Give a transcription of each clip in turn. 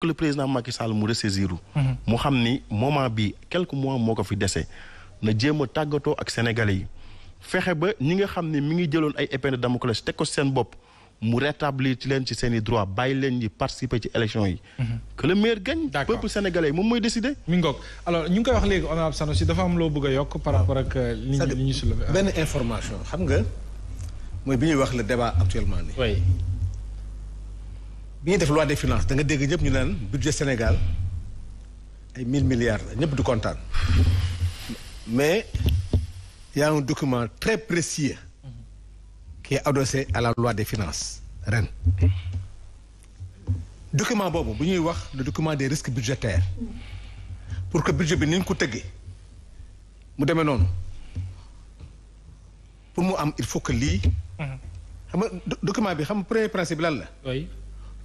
que le président Macky Sall mu ressaisir. Mhm. mu xam ni moment bi quelques mois moo ko fi dese na jéem a tàggatoo ak sénégalais yi fexe ba ñi nga xam ni mi ngi jëloon ay épée de te teg ko seen bopp mu rétablir ci leen ci seen i droit bàyyi leen ñi participer ci élection yi. Mhm. que le maire gagne. d'accord peuple sénégalais moom mooy décider. mi ngoog alors ñu ngi koy wax léegi honorable si dafa am loo bëgg a yokk par ah. rapport ak. Euh, li ñu li ñu soulevé benn information xam nga mooy bi ñuy wax le débat actuellement nii. bi def loi des finances da nga dégg ñëpp ñu naan budget Sénégal ay mille milliards la ñëpp du kontaan mais y a document très précieux qui est à la loi de finances ren document boobu bu ñuy wax le document des risques budgétaires pour que budget bi ni ñu ko tëggee mu demee noonu pour mu am il faut que lii. Mhm. xam nga document bi xam nga premier principe lan la.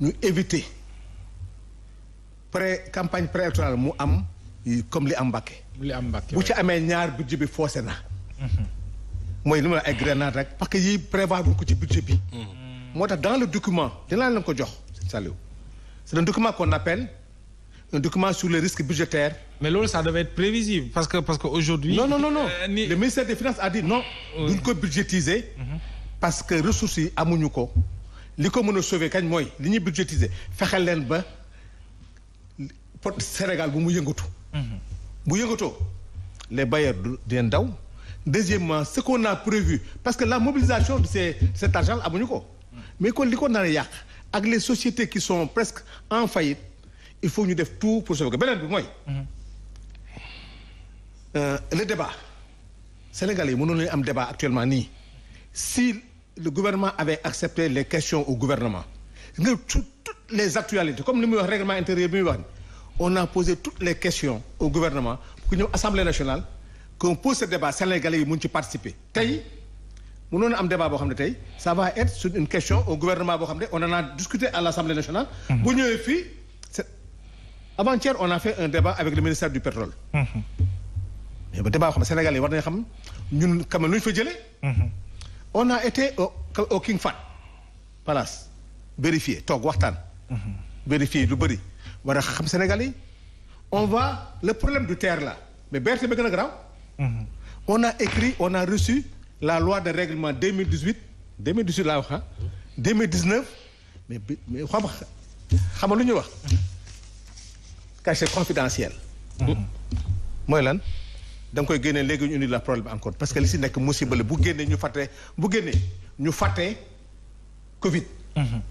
ñu éviter pré campagne préélectorale mu am comme li am Mbàkke li am Mbàkke bu ci amee ñaar budget bi forcé na mhm. mooy li ma la ay grenade rek parce que yii prévoir buñ ko ci budget bi mhm. moo tax dans le document dinaa leen ko jox sëñ Saliou document qu'on appelle un document sur les risques budgétaires. mais loolu ça devait être prévisible parce que parce que aujourd'hui non non non euh, le ministère des finances a dit non. duñ ko budgétiser. Mhm. parce que ressources yi amuñu ko. li ko mën a sauver kañ mooy li ñuy budgétiser fexe leen ba pot Sénégal bu mu yëngatu. Mhm. bu yëngatoo les bailleurs du deen daw. deuxièmement ce naa a prévu parce que la mobilisation de ces cet argent amuñu ko. mais kon li ko nar yàq ak les sociétés qui sont presque en faillite il faut ñu def tout pour sauver ko beneen bi mooy. Mhm. Euh, le débat Sénégalais yi mënoon nañu am débat actuellement nii si. le gouvernement avait accepté les questions au gouvernement nga toutes les actualités comme li muy wax règlement intérieur bi muy wax ni on a posé toutes les questions au gouvernement pour ñëw assemblée nationale qu'on pose ce débat sénégalais yi mun ci participer tey mënoon am débat boo xam ne tey ça va être sur une question au gouvernement boo xam ne on en a discuté à l'assemblée nationale mm-hmm. bu ñëwee fii avant-hier on a fait un débat avec le on a été au au King Fahd palace vérifier toog waxtaan. vérifier lu bëri. war a xam Sénégal yi on va le problème du terre la mais BRT bi gën a garaaw. on a écrit on a reçu la loi de règlement deux mille dix huit deux mille dix huit laa wax ah. deux mille dix neuf mais bi mais xam xama lu ñuy wax. cachet confidentiel. mooy lan. da nga koy génnee léegi ñu indi la problème encore parce que li si nekk musiba la bu génnee ñu fàtte bu génnee ñu fàtte Covid. Mhm.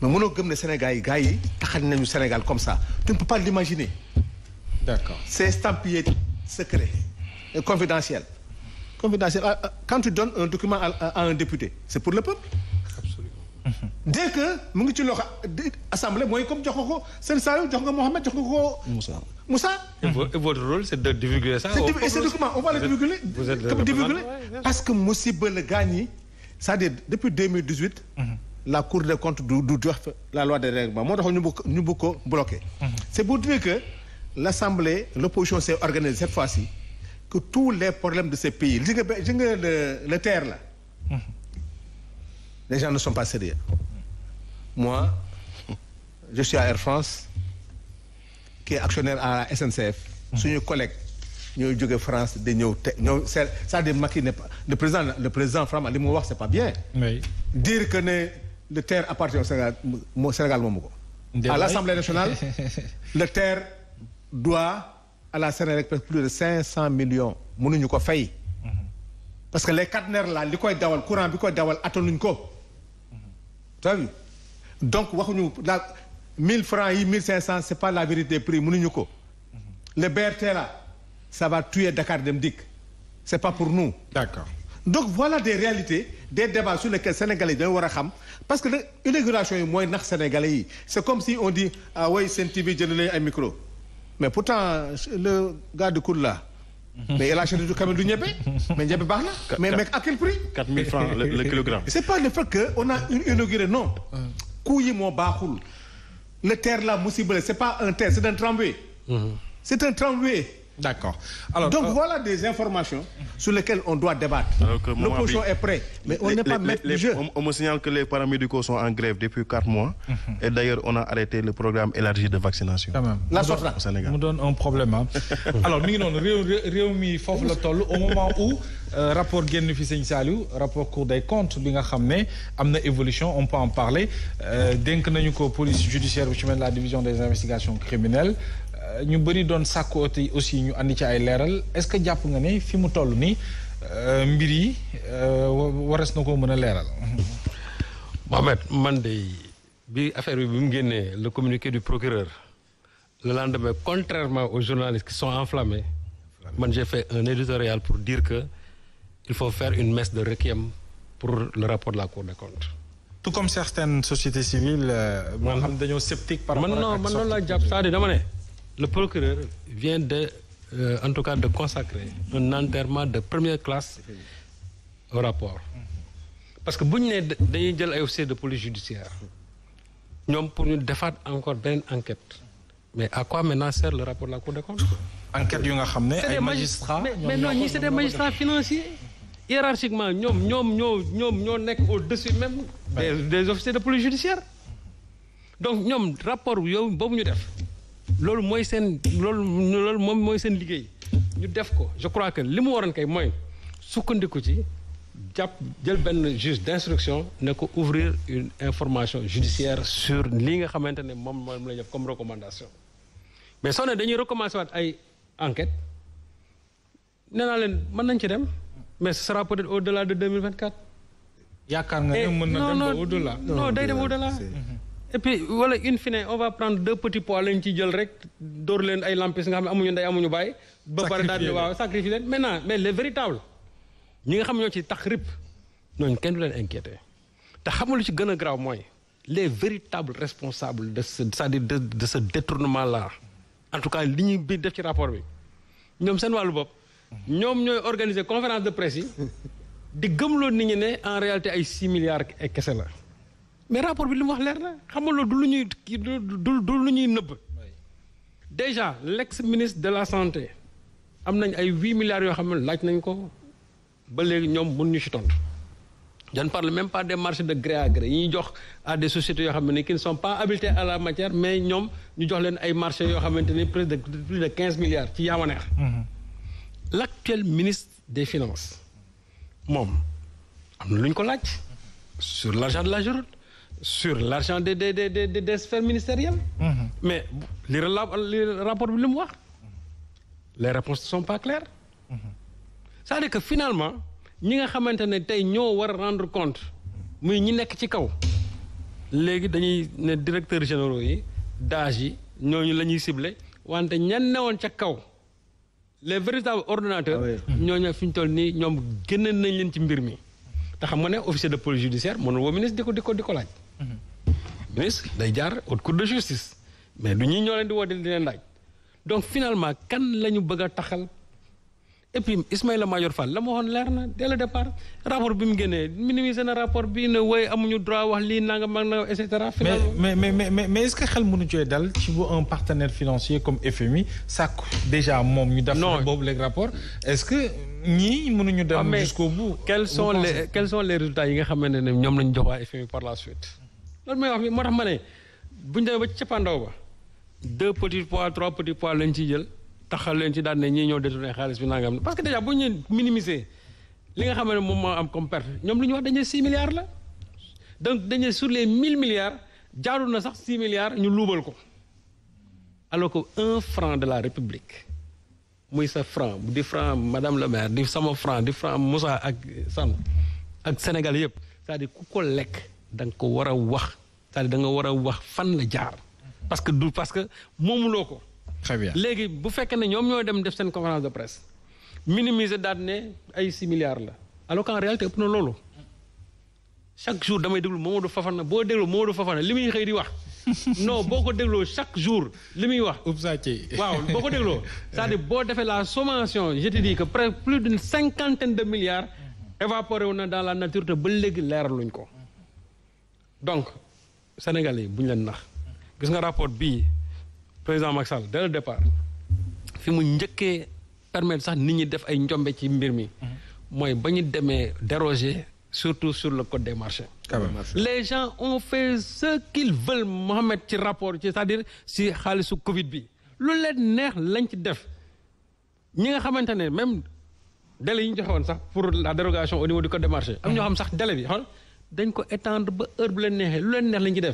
mais mënoo gëm ne Sénégal yi gars yi taxal nañu Sénégal comme ça tu ne peux pas l'imaginer. d'accord c'est estampillé secret et confidentiel. confidentiel ah, ah, quand tu donnes un document à, un député c'est pour le peuple. dès que mu ngi ci loxo assemblée mooy comme jox nga ko seen Saliou jox nga Mohamed jox nga ko. Moussa Moussa. et votre rôle c'est de divulguer ça. c'est document on va parce que musiba la gaañ yi c'est-à-dire depuis 2018. Mm-hmm. la cour des comptes du du la loi de règlement moo tax ñu bëgg ñu ko bloqué. Mm-hmm. c'est pour dire que l'assemblée l'opposition s'est organisée cette fois-ci que tous les problèmes de ce pays li nga ba li le le terre là. Mm-hmm. les gens ne sont pas sérieux. moi je suis à Air France qui est actionnaire à la SNCF. suñu collègue ñooy jóge France de ñëw te ñoom c' est ça des Macky n'est le président le ma li mu wax c' est pas bien. dire que ne le terre appartient au Sénégal moo Sénégal moomu ko. à l' Assemblée nationale le terre doit à la Sénélec plus de cinq cent millions mënuñu ko fay. Mm-hmm. parce que les caténaires la li koy dawal courant bi koy dawal attanuñ ko. Mm-hmm. tu as donc waxuñu la 1000 francs yi mille 1500 c'est pas la vérité prix ñu ko. le BRT là ça va tuer Dakar Dem Dikk c'est pas pour nous. d'accord donc voilà des réalités des débats sur lesquels sénégalais yi dañu war a xam parce que l'inauguration yi mooy nax sénégalais yi c'est comme si on dit ah oui Sen TV micro mais pourtant le gars de la mhm. mais il a acheté du camion du ñebe. mais ñebe baax na. mais mais à quel prix. 4000 francs le, le coût yi moo baaxul le TER là musiba la c'est pas un TER c'est un tramway. Mm-hmm. c'est un tramway. D'accord. Alors, Donc euh, voilà des informations sur lesquelles on doit débattre. L'opposition est prête, mais on n'est pas maître du jeu. On, on, me signale que les paramédicaux sont en grève depuis 4 mois. Mhm. Et d'ailleurs, on a arrêté le programme élargi de vaccination. Quand même. La sorte au Sénégal. donne un problème. Alors, nous, non, Réumi Fof le toll, au moment où euh, rapport Gen Fiseñ Saliou, rapport Cour des comptes, li nga xam ne am na évolution, on peut en parler. Euh, ko police judiciaire bu ci mel la division des investigations ñu bëri doon sàkku aussi ñu andi ci ay leeral est-ce que jàpp nga ne fi mu toll nii euh, mbir yi euh, wares na ko mën a leeral. Mohamed man de bi affaire bi bi mu génnee la communiqué du procureur la lendemain contrairement aux journalistes qui sont enflammés man j'ai fait un éditorial pour dire que il faut faire une messe de requiem pour le rapport de la Cour des comptes. tout comme certaines sociétés civiles. moo euh, xam dañoo sceptique. par rapport ak man non dama le procureur vient de euh, en tout cas de consacrer un enterrement de première classe au rapport parce que bu ñu nee dañuy jël ay officiers de police judiciaire ñoom pour ñu defaat encore beneen enquête mais à quoi maintenant sert le rapport de la Cour des comptes enquête yu nga xam ne ay magistrats mais non ñi c'est des magistrats financiers hiérarchiquement ñoom ñoom ñoo ñoom ñoo nekk au-dessus même des, des officiers de police judiciaire donc ñoom rapport yow boobu ñu def loolu mooy seen loolu loolu moom mooy seen liggéey ñu def ko je crois que li mu waroon kay mooy sukkandiku ci jàpp jël benn juge d'instruction ne ko ouvrir une information judiciaire sur li nga xamante ne moom mu lay def comme recommandation mais soo ne dañuy recommencer waat ay enquête nee naa leen mën nañ ci dem mais ce sera de être au-delà de 2024. yaakaar nga ne eh, mën na dem ba au-delà non et puis wala in fine on va prendre deux petits poids lañ ci jël rek dóor leen ay lampis nga xam ne amuñu ndey amuñu bàyyi. ba pare daal di waaw sacrifier leen maintenant mais les véritables ñi nga xam ñoo ci tax rip ñooñu kenn du leen inquiété te xamul lu ci gën a graaw mooy les véritables responsables de ce cest à de de ce détournement là en tout cas li ñuy bi def ci rapport bi ñoom seen wàllu bopp ñoom ñooy organiser conférence de presse yi di gëmloo ni ñu ne en réalité ay six milliards et kese la. mais rapport bi li mu wax leer na xam nga loolu du lu ñuy kii du lu ñuy nëbb. déjà l'ex ministre de la santé am nañ ay huit milliards yoo xam ne laaj nañ ko ba léegi ñoom mënuñu ñu tontu. je ne parle même pas des marchés de gré à gré yi ñuy jox à de sociétés yoo xam ne qui ne sont pas habilitées à la matière mais ñoom ñu jox leen ay marchés yoo xamante ni plus de plus de quinze milliards ci yaamaneex mm-hmm. l'actuel ministre des finances moom am na lu ñu ko laaj. sur l'argent de la journée. sur l'argent des des des des des sphères ministérielles. Mhm. mais li rapport bi li mu wax. les réponses ne pas claires. Mhm. cest à que finalement ñi nga xamante ne tey ñoo war a rendre compte muy ñi nekk ci kaw léegi dañuy ne directeurs généraux yi DAGE yi ñooñu la ñuy ciblé wante ñan newoon ca kaw les véritables ordonnateurs. Ah ñooñu fi ñu toll nii ñoom génne nañ leen ci mbir mi. te xam nga ne officier de police judiciaire mënul woo ministre di ko di ko di ko laaj. ministre day jaar haute cour de justice mais du ñuy ñoo leen di woo di leen laaj donc finalement kan la ñu bëgg a taxal et puis Ismaïla Madior Fall la ma waxoon leer na dès le départ rapport bi mu génnee minimiser na rapport bi ne woy amuñu droit wax lii nanga mag na et cetera. mais mais mais mais, mais est-ce xel mënu cooy dal ci bu un comme FMI sàkku déjà moom boobu léegi rapport est-ce que ñii mënuñu dem. Ah, jusqu'au bout mais sont les quels sont les résultats yi nga xamante ne ñoom lañu jox waa FMI par la suite. loolu mooy wax bi moo tax ma ne bu ñu demee ba cappaandaw ba deux petits pois trois petits pois lañ ciy jël taxal leen ci daan ne ñii ñoo détourné xaalis bi nangam parce que déjà bu ñu minimiser li nga xam ne moom moo am comme perte ñoom lu ñu wax dañuy six milliards la donc dañuy sur les mille milliards jaarul na sax six milliards ñu luubal ko alors que un franc de la république muy sa franc di franc madame le maire di sama franc di franc Moussa ak San ak Sénégal yëpp lekk. da nga ko war a wax c'est-à-dire da nga war a wax fan la jaar parce que du parce que moomuloo ko. très léegi bu fekkee ne ñoom ñoo dem def seen conférence de presse minimise daal ne ay six milliards la alors qu'en réalité ëpp na loolu chaque jour damay déglu Mamadou Fafana boo déglu Mamadou Fafana li muy xëy di wax. non boo ko dégloo chaque jour li muy wax. waaw boo ko dégloo c'est-à-dire boo defee la sommation je te dis que près plus d'une cinquantaine de milliards mm-hmm. évaporé wu na dans la nature te ba léegi leeraluñ ko. donc sénégalais yi bu ñu leen nax gis nga rapport bii président Macky Sall dès le fi mu njëkkee permettre sax nit ñi def ay njombe ci mbir mi mhm. mooy ba ñu demee déroger surtout sur le code des marchés les gens ont fait ce qu'ils veulent Mohamed ci rapport ci c'est-à-dire si xaalisu Covid bi lu leen neex lañ ci def ñi nga xamante ne même délai yi ñu joxe woon sax pour la dérogation au niveau du code des marchés am ñoo xam sax délai bi xool dañ ko étendre ba heure bu leen neexee lu leen neex la def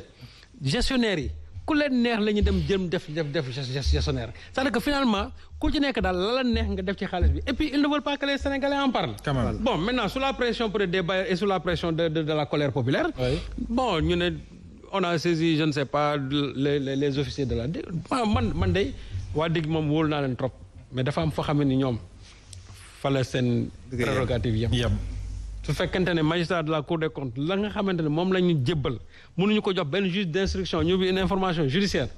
gestionnaire yi ku leen neex la ñu dem jëm def def def gestionnaire c'est-à-dire que finalement ku ci nekk daal la la neex nga def ci xaalis bi et puis ils ne veulent pas que les Sénégalais en parlent. bon maintenant sous la pression peut-être des bailleurs et sous la pression de la colère populaire. bon ñu ne on a saisi je ne sais pas les les, les officiers de la ah, man man de waa DIC moom wóolu naa leen trop mais dafa am foo xam ne ni ñoom fa la seen prérogative yem. su fekkente ne magistrat de la cour des comptes la nga xamante ne moom la ñu jébbal ñu ko jox benn juge d' instruction ñu bi une information judiciaire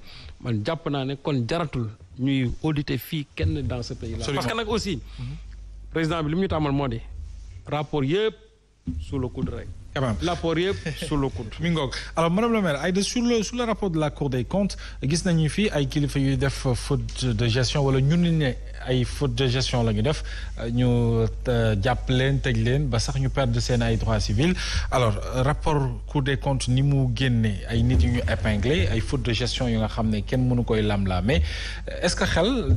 man jàpp naa ne kon jaratul ñuy auditer fii kenn dans ce pays là. parce que nag aussi mhm. président bi li mu ñu tàmmal moo di rapport yëpp sous le coude rek. quand même yëpp sous le coude mi ngoog alors madame la maire Aïda sur le sur le rapport de la cour des comptes gis nañu fii ay kilifa yuy def faute de gestion wala ñun ni ne ay faute de gestion la ñu def ñu euh, jàpp leen tëj leen ba sax ñu perdre seen ay droits civils alors rapport cour des comptes ni mu génnee ay nit yu ñu épinglé ay faute de gestion yu nga xam ne kenn mënu koy lamlaame est-ce que xel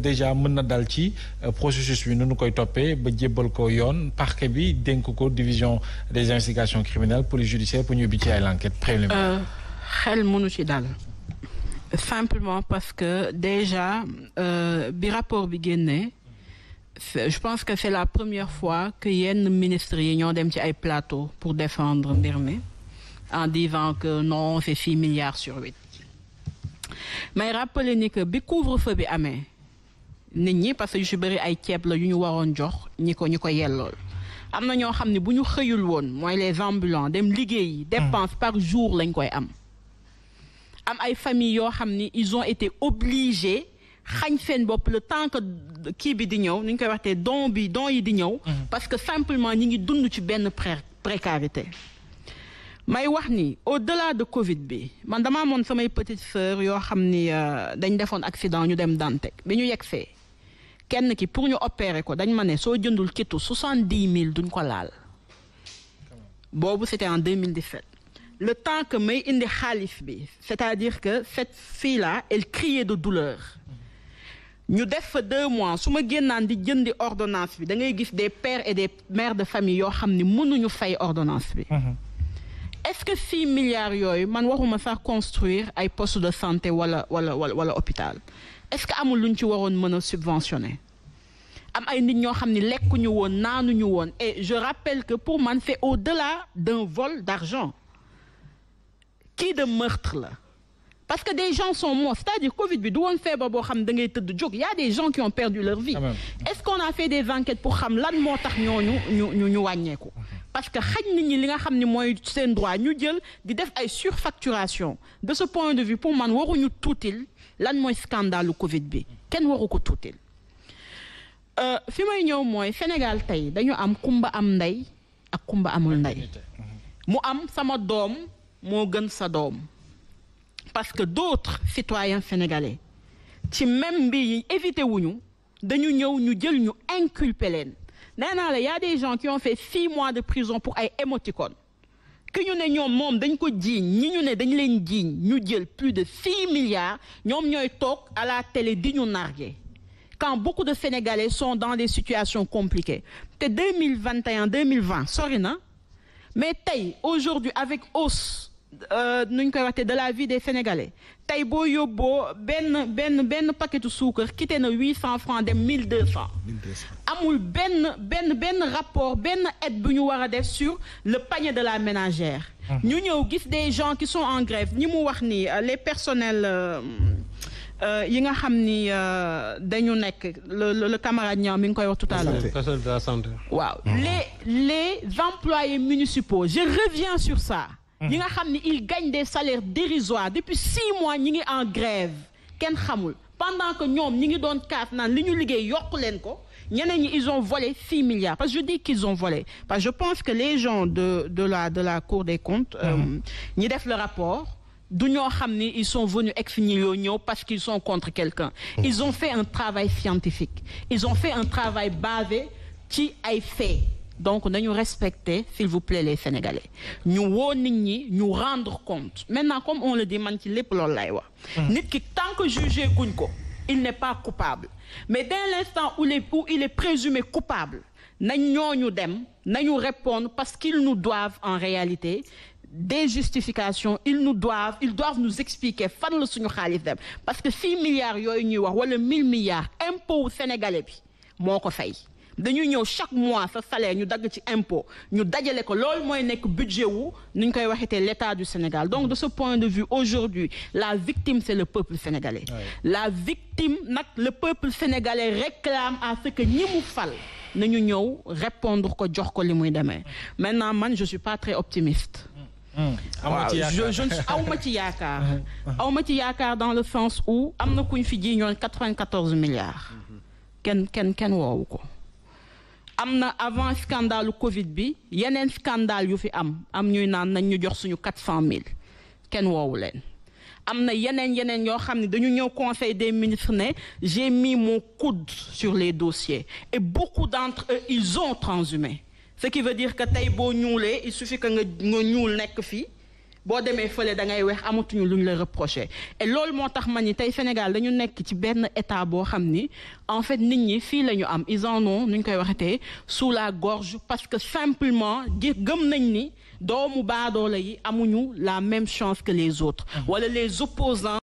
déjà mën na dal ci euh, processus bi nu nu koy toppee ba jébbal ko yoon parquet bi dénk ko division des investigation criminelle police judiciaire pour ñu ubbi ci ay enquête préliminaire euh, xel mënu ci simplement parce que déjà euh, bi rapport bi génnee je pense que c'est la première fois que yenn ministres yi ñoo dem ci ay plateau pour défendre mbir mi en disant que non c'est six milliards sur huit mais rappeler ni que bi couvre-feu bi amee nit ñi parce que ay ceeb la yu ñu waroon jox ñi ko yellool am na ñoo xam ne bu ñu xëyul woon mooy les ambulants dem liggéeyi. dépense par jour lañ koy am. am ay famille yoo xam ni ils ont été obligés xañ seen bopp le temps que kii bi di ñëw ni ñu koy waxtee don bi don yi di ñëw. Mm-hmm. parce que simplement ñi ngi dund ci benn pré précarité. may wax ni au-delà de Covid bi man damaa amoon samay petite sœur yoo xam ni euh, dañ defoon accident ñu dem Dantec bi ñu yegg see kenn ki pour ñu opérer ko dañ ma ne soo jëndul kitu soixante dix mille duñ ko laal boobu c'était en 2017 le temps que may indi xaalis bi c'est-à-dire que cette fille-là elle criait de douleur ñu def fa deux mois su ma génnaan di jëndi ordonnance bi da ngay gis des pères et des mères de famille yoo xam ne mënuñu fay ordonnance bi mhm. est-ce que six milliards yooyu man waxuma sax construire ay postes de santé wala wala wala wala hôpital est-ce que amul luñ ci waroon mën a subventionner am ay nit ñoo xam ne lekkuñu woon naanu ñu woon e je rappelle que pour man c'est au-delà d'un vol d'argent kii de meurtre la parce que des gens sont morts c'est-à-dire Covid bi du woon feebar boo xam da ngay tëdd jog y a des gens qui ont perdu leur vie ah, est-ce qu'on a fait des enquêtes pour xam lan moo tax ñooñu ñu ñu ñu wàññeeku parce que xaj nit ñi li nga xam ne mooy seen droit ñu jël di def ay surfacturation de ce point de vue pour man waruñu tuutil lan mooy scandale Covid bi kenn waru ko tuutil Euh, fi may ñëw mooy Sénégal tey dañu am kumba am ndey ak kumba amul ndey mhm. mu am sama doom moo gën sa doom parce que d'autres citoyens sénégalais ci même mbir yi éviter wuñu dañu ñëw ñu jël ñu inculper leen nee naa la y a des gens qui ont fait six mois de prison pour ay émoticônes ki ñu ne ñoom moom dañ ko jiiñ ñi ñu ne dañ leen jiiñ ñu jël plus de six milliards ñoom ñooy toog à la télé di ñu narguer quand beaucoup de Sénégalais sont dans les situations compliquées te 2021 2020 sori na mais tey aujourd'hui avec hausse euh, nu ñu koy waxte de la vie des Sénégalais tey boo yóbboo benn benn benn paquetu suukar quitté na huit cent francs dem mille deux cent amul benn benn benn rapport benn aide bu ñu war a def sur le panier de la ménagère ñu ñëw gis des gens qui sont en grève ñi mu wax ni euh, les personnels euh, Euh, yi nga xam ni euh, dañu nekk le le camarade ñaaw mi ngi koy wax tout à l'heure waaw mm-hmm. les les employés municipaux je reviens sur ça mm-hmm. yi nga xam ni ils gagnent des salaires dérisoires depuis six mois ñi ngi en grève kenn xamul pendant que ñoom ñi ngi doon kaaf na li ñu liggéey yokk leen ko ñeneen ñi ils ont volé six milliards parce que je dis qu'ils ont volé parce que je pense que les gens de de la de la Cour des comptes mm-hmm. euh, ñi def le rapport du ñoo xam ni ils sont venus ex nihilo ñëw parce qu'ils sont contre quelqu'un ils ont fait un travail scientifique ils ont fait un travail basé ci ay faits donc nañu respecter s'il vous plaît les sénégalais ñu woo nit ñi ñu rendre compte maintenant comme on le dit man ci lépp loolu lay wax hmm. nit ki tant que jugé guñ ko il n'est coupable mais dès l'instant où les où il est présumé coupable nañ ñooñu dem nañu répondre parce qu'ils nous doivent en réalité des justifications ils nous doivent ils doivent nous expliquer fan la suñu xaalis dem parce que six milliards yooyu ñuy wax wala mille milliards impôt sénégalais bi moo ko fay dañuy ñëw chaque mois sa salaire ñu dagg ci impôt ñu dajale ko lool mooy nekk budget wu nu ñu koy waxetee l'état du Sénégal donc de ce point de vue aujourd'hui la victime c'est le peuple sénégalais oui. la victime nag le peuple sénégalais réclame à ce que ñi mu fal nañu ñëw répondre ko jox ko li muy demee maintenant man je suis waaw je je aw ma ci yaakaar. awma ci yaakaar dans le sens où am na ku ñu fi ji ñoon 94 milliards. kenn kenn kenn woowu ko. am na avant scandale Covid bi yeneen scandale yu fi am am ñuy naan nañ ñu jox suñu 400000 kenn woowu leen. am na yeneen yeneen yoo xam ne dañu ñëw conseil des ministres ne j'ai mis mon coude sur les dossiers et beaucoup d'entre eux ils ont transhumé. ce qui veut dire que tey boo ñuulee il suffit que nga nga ñuul nekk fii boo demee fële dangay ngay weex amatuñu lu ñu la reproché et loolu moo tax ma ni tey Sénégal dañu nekk ci benn état boo xam ni en fait nit ñi fii la ñu am ils en ont nu ñu koy waxatee sous la gorge parce que simplement di gëm nañ ni doomu baadoola yi amuñu la même chance que les autres mmh. wala les opposants